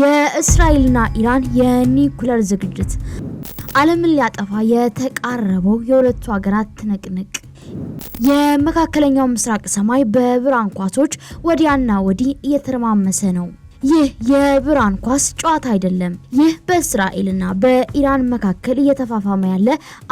የእስራኤልና ኢራን የኒኩለር ዝግጅት ዓለምን ሊያጠፋ የተቃረበው የሁለቱ ሀገራት ትንቅንቅ። የመካከለኛው ምስራቅ ሰማይ በብርሃን ኳሶች ወዲያና ወዲህ እየተረማመሰ ነው። ይህ የብርሃን ኳስ ጨዋታ አይደለም። ይህ በእስራኤልና በኢራን መካከል እየተፋፋመ ያለ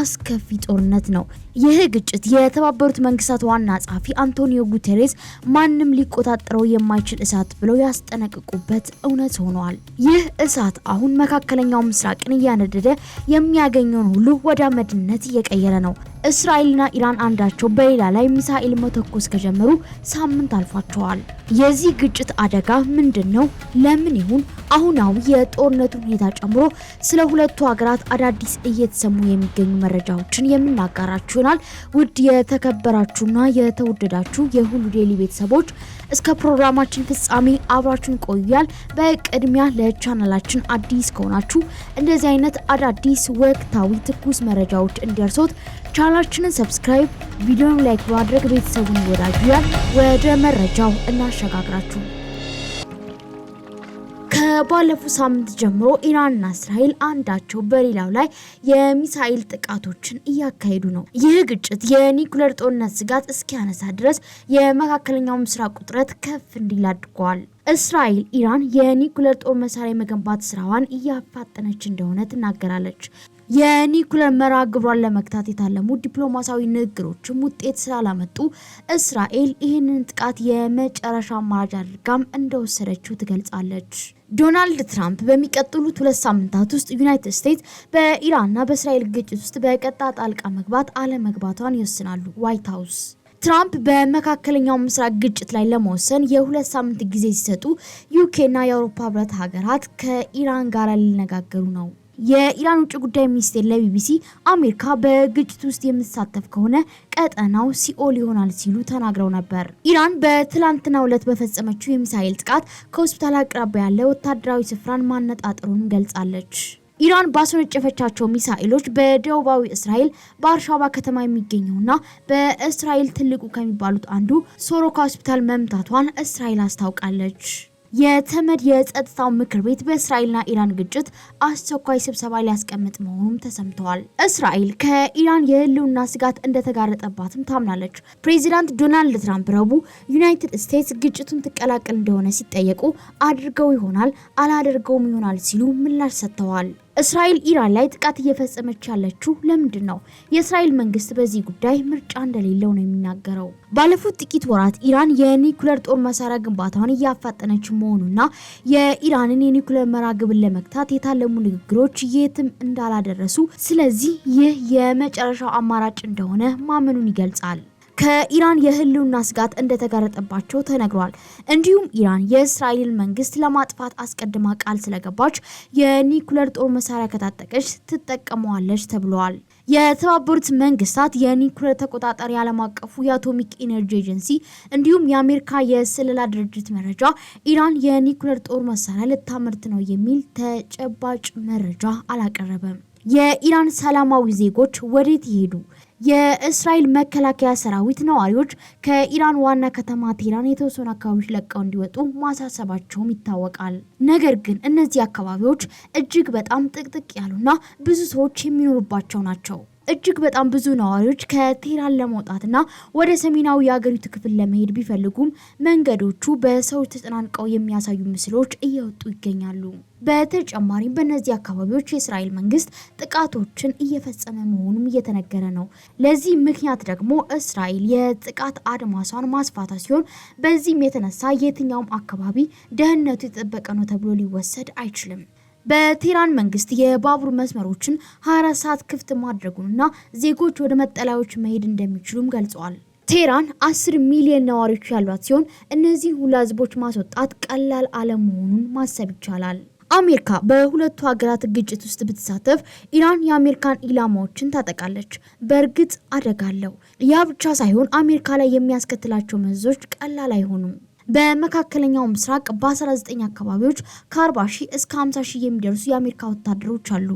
አስከፊ ጦርነት ነው። ይህ ግጭት የተባበሩት መንግስታት ዋና ጸሐፊ አንቶኒዮ ጉቴሬስ ማንም ሊቆጣጠረው የማይችል እሳት ብለው ያስጠነቅቁበት እውነት ሆኗል። ይህ እሳት አሁን መካከለኛው ምስራቅን እያነደደ የሚያገኘውን ሁሉ ወደ አመድነት እየቀየረ ነው። እስራኤልና ኢራን አንዳቸው በሌላ ላይ ሚሳኤል መተኮስ ከጀመሩ ሳምንት አልፏቸዋል። የዚህ ግጭት አደጋ ምንድን ነው? ለምን ይሁን አሁናዊ የጦርነቱ ሁኔታ ጨምሮ ስለ ሁለቱ ሀገራት አዳዲስ እየተሰሙ የሚገኙ መረጃዎችን የምናጋራችሁ ይሆናል። ውድ የተከበራችሁና የተወደዳችሁ የሁሉ ዴይሊ ቤተሰቦች እስከ ፕሮግራማችን ፍጻሜ አብራችን ቆያል። በቅድሚያ ለቻናላችን አዲስ ከሆናችሁ እንደዚህ አይነት አዳዲስ ወቅታዊ ትኩስ መረጃዎች እንዲደርሶት ቻናላችንን ሰብስክራይብ፣ ቪዲዮን ላይክ በማድረግ ቤተሰቡን ይወዳጁያል። ወደ መረጃው እናሸጋግራችሁ። ከባለፈው ሳምንት ጀምሮ ኢራንና እስራኤል አንዳቸው በሌላው ላይ የሚሳኤል ጥቃቶችን እያካሄዱ ነው። ይህ ግጭት የኒኩለር ጦርነት ስጋት እስኪያነሳ ድረስ የመካከለኛው ምስራቅ ውጥረት ከፍ እንዲል አድርጓል። እስራኤል ኢራን የኒኩለር ጦር መሳሪያ የመገንባት ስራዋን እያፋጠነች እንደሆነ ትናገራለች። የኒኩለር መርሃ ግብሯን ለመግታት የታለሙ ዲፕሎማሲያዊ ንግግሮችም ውጤት ስላላመጡ እስራኤል ይህንን ጥቃት የመጨረሻ አማራጭ አድርጋም እንደወሰደችው ትገልጻለች። ዶናልድ ትራምፕ በሚቀጥሉት ሁለት ሳምንታት ውስጥ ዩናይትድ ስቴትስ በኢራንና በእስራኤል ግጭት ውስጥ በቀጥታ ጣልቃ መግባት አለመግባቷን ይወስናሉ። ዋይት ሀውስ ትራምፕ በመካከለኛው ምስራቅ ግጭት ላይ ለመወሰን የሁለት ሳምንት ጊዜ ሲሰጡ ዩኬና የአውሮፓ ህብረት ሀገራት ከኢራን ጋር ሊነጋገሩ ነው። የኢራን ውጭ ጉዳይ ሚኒስቴር ለቢቢሲ አሜሪካ በግጭት ውስጥ የምትሳተፍ ከሆነ ቀጠናው ሲኦል ይሆናል ሲሉ ተናግረው ነበር። ኢራን በትላንትናው ዕለት በፈጸመችው የሚሳኤል ጥቃት ከሆስፒታል አቅራቢያ ያለ ወታደራዊ ስፍራን ማነጣጠሩን ገልጻለች። ኢራን ባስወነጨፈቻቸው ሚሳኤሎች በደቡባዊ እስራኤል በአርሻባ ከተማ የሚገኘውና በእስራኤል ትልቁ ከሚባሉት አንዱ ሶሮካ ሆስፒታል መምታቷን እስራኤል አስታውቃለች። የተመድ የጸጥታው ምክር ቤት በእስራኤልና ኢራን ግጭት አስቸኳይ ስብሰባ ሊያስቀምጥ መሆኑም ተሰምተዋል። እስራኤል ከኢራን የህልውና ስጋት እንደተጋረጠባትም ታምናለች። ፕሬዚዳንት ዶናልድ ትራምፕ ረቡዕ ዩናይትድ ስቴትስ ግጭቱን ትቀላቀል እንደሆነ ሲጠየቁ አድርገው ይሆናል አላደርገውም ይሆናል ሲሉ ምላሽ ሰጥተዋል። እስራኤል ኢራን ላይ ጥቃት እየፈጸመች ያለችው ለምንድን ነው? የእስራኤል መንግስት በዚህ ጉዳይ ምርጫ እንደሌለው ነው የሚናገረው። ባለፉት ጥቂት ወራት ኢራን የኒኩለር ጦር መሳሪያ ግንባታውን እያፋጠነች መሆኑና የኢራንን የኒኩለር መራግብን ለመግታት የታለሙ ንግግሮች የትም እንዳላደረሱ፣ ስለዚህ ይህ የመጨረሻው አማራጭ እንደሆነ ማመኑን ይገልጻል። ከኢራን የህልውና ስጋት እንደተጋረጠባቸው ተነግሯል። እንዲሁም ኢራን የእስራኤል መንግስት ለማጥፋት አስቀድማ ቃል ስለገባች የኒኩለር ጦር መሳሪያ ከታጠቀች ትጠቀመዋለች ተብለዋል። የተባበሩት መንግስታት የኒኩለር ተቆጣጣሪ ዓለም አቀፉ የአቶሚክ ኢነርጂ ኤጀንሲ እንዲሁም የአሜሪካ የስለላ ድርጅት መረጃ ኢራን የኒኩለር ጦር መሳሪያ ልታመርት ነው የሚል ተጨባጭ መረጃ አላቀረበም። የኢራን ሰላማዊ ዜጎች ወዴት ይሄዱ? የእስራኤል መከላከያ ሰራዊት ነዋሪዎች ከኢራን ዋና ከተማ ቴህራን የተወሰኑ አካባቢዎች ለቀው እንዲወጡ ማሳሰባቸውም ይታወቃል። ነገር ግን እነዚህ አካባቢዎች እጅግ በጣም ጥቅጥቅ ያሉና ብዙ ሰዎች የሚኖሩባቸው ናቸው። እጅግ በጣም ብዙ ነዋሪዎች ከቴራን ለመውጣትና ወደ ሰሜናዊ የአገሪቱ ክፍል ለመሄድ ቢፈልጉም መንገዶቹ በሰዎች ተጨናንቀው የሚያሳዩ ምስሎች እየወጡ ይገኛሉ። በተጨማሪም በእነዚህ አካባቢዎች የእስራኤል መንግስት ጥቃቶችን እየፈጸመ መሆኑም እየተነገረ ነው። ለዚህ ምክንያት ደግሞ እስራኤል የጥቃት አድማሷን ማስፋታ ሲሆን በዚህም የተነሳ የትኛውም አካባቢ ደህንነቱ የተጠበቀ ነው ተብሎ ሊወሰድ አይችልም። በቴህራን መንግስት የባቡር መስመሮችን 24 ሰዓት ክፍት ማድረጉንና ዜጎች ወደ መጠለያዎች መሄድ እንደሚችሉም ገልጸዋል። ቴህራን 10 ሚሊዮን ነዋሪዎች ያሏት ሲሆን እነዚህን ሁላ ህዝቦች ማስወጣት ቀላል አለመሆኑን ማሰብ ይቻላል። አሜሪካ በሁለቱ ሀገራት ግጭት ውስጥ ብትሳተፍ ኢራን የአሜሪካን ኢላማዎችን ታጠቃለች። በእርግጥ አደጋለሁ። ያ ብቻ ሳይሆን አሜሪካ ላይ የሚያስከትላቸው መዘዞች ቀላል አይሆኑም። በመካከለኛው ምስራቅ በ19 አካባቢዎች ከ40 ሺህ እስከ 50 ሺህ የሚደርሱ የአሜሪካ ወታደሮች አሉ።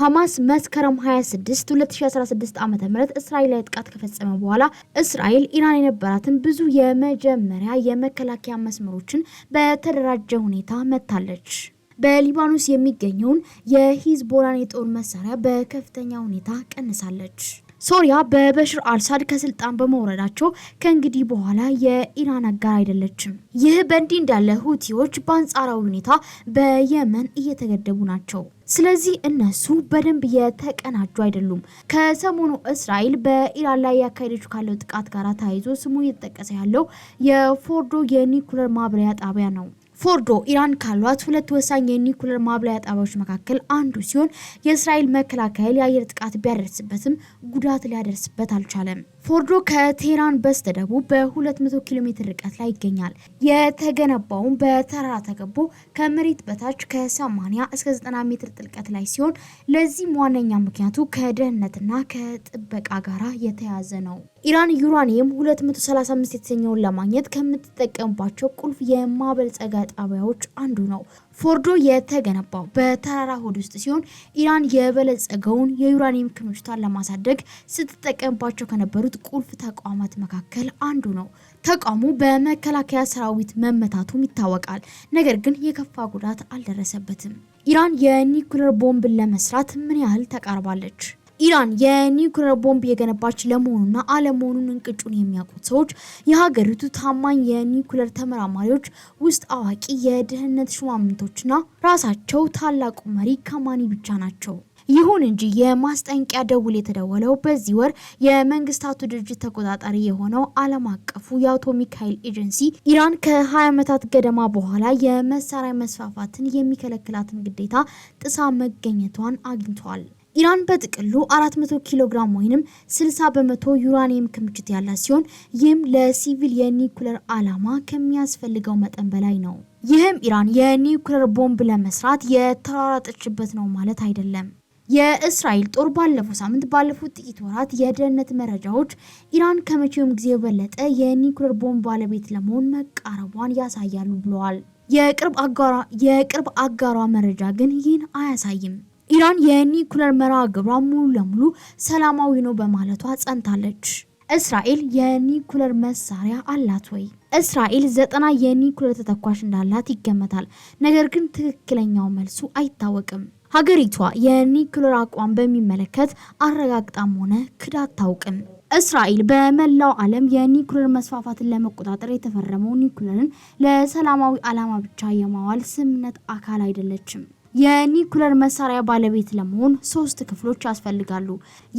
ሐማስ መስከረም 26 2016 ዓ.ም እስራኤል ላይ ጥቃት ከፈጸመ በኋላ እስራኤል ኢራን የነበራትን ብዙ የመጀመሪያ የመከላከያ መስመሮችን በተደራጀ ሁኔታ መታለች። በሊባኖስ የሚገኘውን የሂዝቦላን የጦር መሳሪያ በከፍተኛ ሁኔታ ቀንሳለች። ሶሪያ በበሽር አልሳድ ከስልጣን በመውረዳቸው ከእንግዲህ በኋላ የኢራን አጋር አይደለችም። ይህ በእንዲህ እንዳለ ሁቲዎች በአንጻራዊ ሁኔታ በየመን እየተገደቡ ናቸው። ስለዚህ እነሱ በደንብ የተቀናጁ አይደሉም። ከሰሞኑ እስራኤል በኢራን ላይ ያካሄደችው ካለው ጥቃት ጋር ተያይዞ ስሙ እየተጠቀሰ ያለው የፎርዶ የኒኩለር ማብሪያ ጣቢያ ነው። ፎርዶ ኢራን ካሏት ሁለት ወሳኝ የኒኩለር ማብላያ ጣቢያዎች መካከል አንዱ ሲሆን የእስራኤል መከላከያ የአየር ጥቃት ቢያደርስበትም ጉዳት ሊያደርስበት አልቻለም። ፎርዶ ከቴህራን በስተደቡብ በ200 ኪሎ ሜትር ርቀት ላይ ይገኛል። የተገነባውም በተራራ ተከቦ ከመሬት በታች ከ80 እስከ 90 ሜትር ጥልቀት ላይ ሲሆን ለዚህም ዋነኛ ምክንያቱ ከደህንነትና ከጥበቃ ጋር የተያዘ ነው። ኢራን ዩራኒየም 235 የተሰኘውን ለማግኘት ከምትጠቀምባቸው ቁልፍ የማበልጸጋ ጣቢያዎች አንዱ ነው። ፎርዶ የተገነባው በተራራ ሆድ ውስጥ ሲሆን ኢራን የበለጸገውን የዩራኒየም ክምችቷን ለማሳደግ ስትጠቀምባቸው ከነበሩት ቁልፍ ተቋማት መካከል አንዱ ነው። ተቋሙ በመከላከያ ሰራዊት መመታቱም ይታወቃል። ነገር ግን የከፋ ጉዳት አልደረሰበትም። ኢራን የኒውክሌር ቦምብን ለመስራት ምን ያህል ተቃርባለች? ኢራን የኒውክሌር ቦምብ የገነባች ለመሆኑና አለመሆኑን እንቅጩን የሚያውቁት ሰዎች የሀገሪቱ ታማኝ የኒውክሌር ተመራማሪዎች ውስጥ አዋቂ የደህንነት ሹማምንቶችና ራሳቸው ታላቁ መሪ ከማኒ ብቻ ናቸው። ይሁን እንጂ የማስጠንቂያ ደውል የተደወለው በዚህ ወር የመንግስታቱ ድርጅት ተቆጣጣሪ የሆነው ዓለም አቀፉ የአቶሚክ ኃይል ኤጀንሲ ኢራን ከ20 ዓመታት ገደማ በኋላ የመሳሪያ መስፋፋትን የሚከለክላትን ግዴታ ጥሳ መገኘቷን አግኝቷል። ኢራን በጥቅሉ 400 ኪሎ ግራም ወይም 60 በመቶ ዩራኒየም ክምችት ያላት ሲሆን ይህም ለሲቪል የኒኩለር ዓላማ ከሚያስፈልገው መጠን በላይ ነው። ይህም ኢራን የኒኩለር ቦምብ ለመስራት የተራራጠችበት ነው ማለት አይደለም። የእስራኤል ጦር ባለፈው ሳምንት ባለፉት ጥቂት ወራት የደህንነት መረጃዎች ኢራን ከመቼውም ጊዜ የበለጠ የኒውክሌር ቦምብ ባለቤት ለመሆን መቃረቧን ያሳያሉ ብለዋል። የቅርብ አጋሯ መረጃ ግን ይህን አያሳይም። ኢራን የኒውክሌር መርሃ ግብሯ ሙሉ ለሙሉ ሰላማዊ ነው በማለቷ ጸንታለች። እስራኤል የኒውክሌር መሳሪያ አላት ወይ? እስራኤል ዘጠና የኒውክሌር ተተኳሽ እንዳላት ይገመታል። ነገር ግን ትክክለኛው መልሱ አይታወቅም። ሀገሪቷ የኒውክሌር አቋም በሚመለከት አረጋግጣም ሆነ ክዳ አታውቅም። እስራኤል በመላው ዓለም የኒውክሌር መስፋፋትን ለመቆጣጠር የተፈረመው ኒውክሌርን ለሰላማዊ ዓላማ ብቻ የማዋል ስምምነት አካል አይደለችም። የኒውክሌር መሳሪያ ባለቤት ለመሆን ሶስት ክፍሎች ያስፈልጋሉ።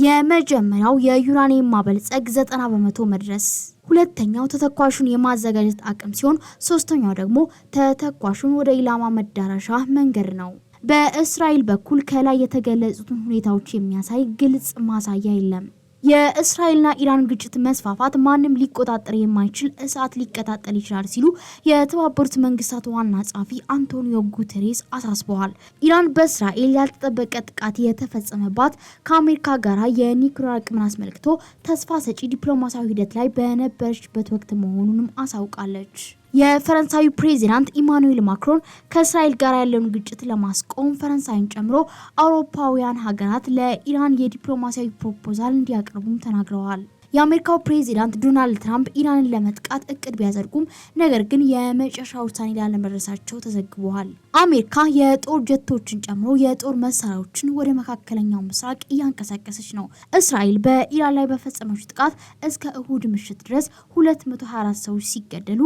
የመጀመሪያው የዩራኒየም ማበልጸግ ዘጠና በመቶ መድረስ፣ ሁለተኛው ተተኳሹን የማዘጋጀት አቅም ሲሆን፣ ሶስተኛው ደግሞ ተተኳሹን ወደ ኢላማ መዳረሻ መንገድ ነው። በእስራኤል በኩል ከላይ የተገለጹትን ሁኔታዎች የሚያሳይ ግልጽ ማሳያ የለም። የእስራኤልና ኢራን ግጭት መስፋፋት ማንም ሊቆጣጠር የማይችል እሳት ሊቀጣጠል ይችላል ሲሉ የተባበሩት መንግስታት ዋና ጸሐፊ አንቶኒዮ ጉተሬስ አሳስበዋል። ኢራን በእስራኤል ያልተጠበቀ ጥቃት የተፈጸመባት ከአሜሪካ ጋር የኒውክሌር አቅምን አስመልክቶ ተስፋ ሰጪ ዲፕሎማሲያዊ ሂደት ላይ በነበረችበት ወቅት መሆኑንም አሳውቃለች። የፈረንሳዩ ፕሬዚዳንት ኢማኑኤል ማክሮን ከእስራኤል ጋር ያለውን ግጭት ለማስቆም ፈረንሳይን ጨምሮ አውሮፓውያን ሀገራት ለኢራን የዲፕሎማሲያዊ ፕሮፖዛል እንዲያቀርቡም ተናግረዋል። የአሜሪካው ፕሬዚዳንት ዶናልድ ትራምፕ ኢራንን ለመጥቃት እቅድ ቢያዘርጉም ነገር ግን የመጨረሻ ውሳኔ ላይ አለመድረሳቸው ተዘግበዋል። አሜሪካ የጦር ጀቶችን ጨምሮ የጦር መሳሪያዎችን ወደ መካከለኛው ምስራቅ እያንቀሳቀሰች ነው። እስራኤል በኢራን ላይ በፈጸመች ጥቃት እስከ እሁድ ምሽት ድረስ 224 ሰዎች ሲገደሉ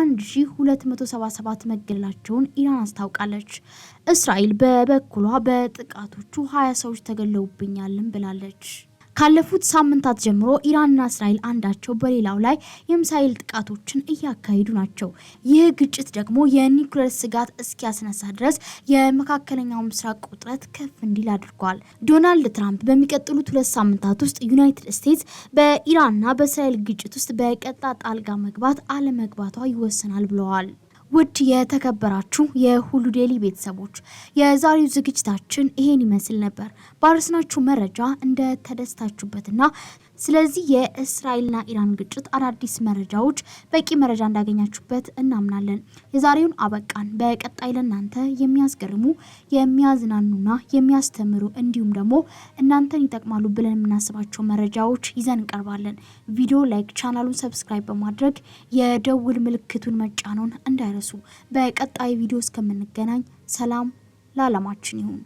1277 መገደላቸውን ኢራን አስታውቃለች። እስራኤል በበኩሏ በጥቃቶቹ 20 ሰዎች ተገለውብኛልም ብላለች። ካለፉት ሳምንታት ጀምሮ ኢራንና እስራኤል አንዳቸው በሌላው ላይ የሚሳኤል ጥቃቶችን እያካሄዱ ናቸው። ይህ ግጭት ደግሞ የኒውክሌር ስጋት እስኪያስነሳ ድረስ የመካከለኛው ምስራቅ ውጥረት ከፍ እንዲል አድርጓል። ዶናልድ ትራምፕ በሚቀጥሉት ሁለት ሳምንታት ውስጥ ዩናይትድ ስቴትስ በኢራንና በእስራኤል ግጭት ውስጥ በቀጥታ ጣልቃ መግባት አለመግባቷ ይወሰናል ብለዋል። ውድ የተከበራችሁ የሁሉ ዴይሊ ቤተሰቦች የዛሬው ዝግጅታችን ይሄን ይመስል ነበር። ባረስናችሁ መረጃ ተደስታችሁበትና ስለዚህ የእስራኤልና ኢራን ግጭት አዳዲስ መረጃዎች በቂ መረጃ እንዳገኛችሁበት እናምናለን። የዛሬውን አበቃን። በቀጣይ ለእናንተ የሚያስገርሙ የሚያዝናኑና የሚያስተምሩ እንዲሁም ደግሞ እናንተን ይጠቅማሉ ብለን የምናስባቸው መረጃዎች ይዘን እንቀርባለን። ቪዲዮ ላይክ፣ ቻናሉን ሰብስክራይብ በማድረግ የደውል ምልክቱን መጫኖን እንዳይረሱ። በቀጣይ ቪዲዮ እስከምንገናኝ ሰላም ለዓለማችን ይሁን።